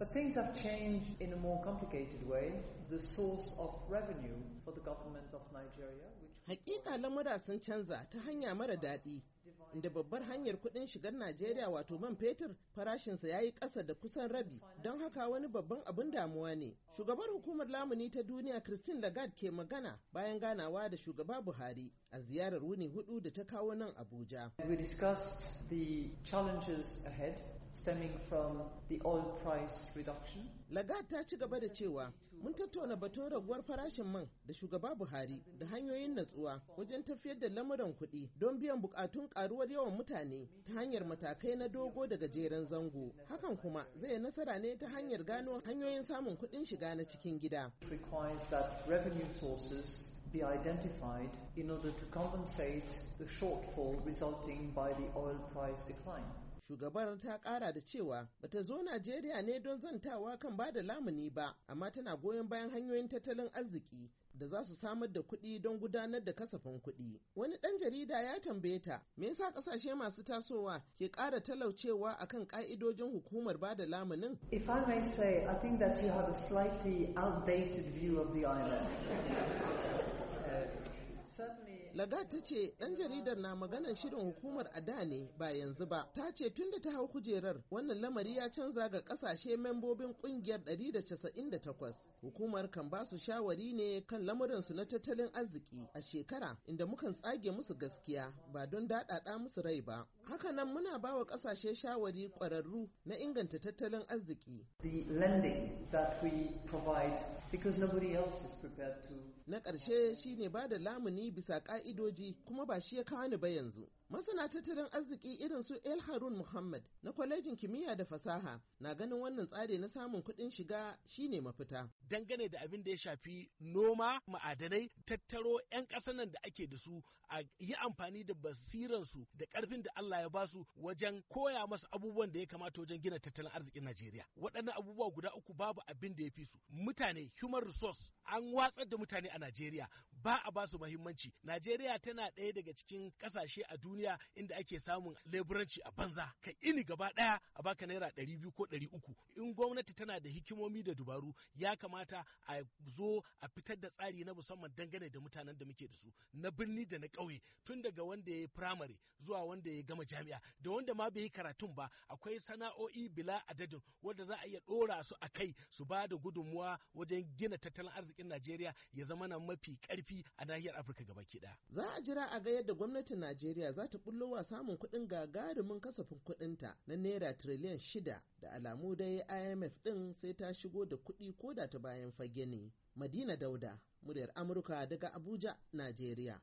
But things have changed in a more complicated way. The source of revenue for the government of Nigeria, which Hakika lamura sun canza ta hanya mara daɗi. Inda babbar hanyar kuɗin shigar Najeriya wato man fetur farashinsa ya yi ƙasa da kusan rabi, don haka wani babban abin damuwa ne. Shugabar hukumar lamuni ta duniya Christine Lagarde ke magana bayan ganawa da shugaba Buhari a ziyarar wuni hudu da ta kawo nan Abuja. We discussed the challenges ahead stemming from the oil price reduction. Lagarde ta ci gaba da cewa mun tattauna batun raguwar farashin man da shugaba Buhari da hanyoyin natsuwa wajen tafiyar da lamuran kuɗi don biyan bukatun karuwar yawan mutane ta hanyar matakai na dogo da gajeren zango. Hakan kuma zai nasara ne ta hanyar gano hanyoyin samun kuɗin shiga na cikin gida. requires that revenue sources be identified in order to compensate the shortfall resulting by the oil price decline. Shugabar ta kara da cewa bata zo Najeriya ne don zantawa kan ba da lamuni ba, amma tana goyon bayan hanyoyin tattalin arziki da za su samar da kuɗi don gudanar da kasafin kuɗi. Wani ɗan jarida ya tambaye ta, me yasa ƙasashe masu tasowa ke ƙara talaucewa akan ƙa'idojin hukumar ba da lamunin? If I may say, I think that you have a slightly outdated view of the island. Laga ta ce ɗan jaridar na maganar shirin hukumar a da ne ba yanzu ba. Ta ce tun da ta hau kujerar wannan lamari ya canza ga ƙasashe membobin ƙungiyar 198. Hukumar kan ba su shawari ne kan lamuransu na tattalin arziki a shekara inda mukan tsage musu gaskiya ba don daɗaɗa musu rai ba. Hakanan muna ba wa ƙasashe shawari ƙwararru na inganta tattalin arziki. na ƙarshe shine ba da lamuni bisa ƙa'idoji kuma ba shi ya kawo ni ba yanzu masana tattalin arziki irin su el harun muhammad na kwalejin kimiyya da fasaha na ganin wannan tsari na samun kuɗin shiga shine mafita dangane da abin da ya shafi noma ma'adanai tattaro 'yan ƙasar nan da ake da su a yi amfani da basiransu da ƙarfin da allah ya ba su wajen koya masu abubuwan da ya kamata wajen gina tattalin arzikin najeriya waɗannan abubuwa guda uku babu abin da ya fi su mutane human resource an watsar da mutane a Najeriya ba a basu mahimmanci Najeriya tana ɗaya daga cikin kasashe a duniya inda ake samun leburanci a banza. Ka ini gaba ɗaya a baka naira ɗari biyu ko ɗari uku. In gwamnati tana da hikimomi da dubaru ya kamata a zo a fitar da tsari na musamman dangane da mutanen da muke da su na birni da na ƙauye tun daga wanda ya yi firamare zuwa wanda ya gama jami'a da wanda ma bai yi karatun ba akwai sana'o'i bila adadin wanda za a iya ɗora su a kai su ba da gudunmuwa wajen gina tattalin arzikin Najeriya ya zama mana mafi karfi a nahiyar Afirka gaba kiɗa Za a jira a ga yadda gwamnatin Najeriya za ta bullo wa samun kuɗin gagarumin kasafin kuɗinta na naira tiriliyan shida da alamu dai IMF ɗin sai ta shigo da kuɗi ko da ta bayan fage ne. Madina Dauda, muryar Amurka daga Abuja, Najeriya.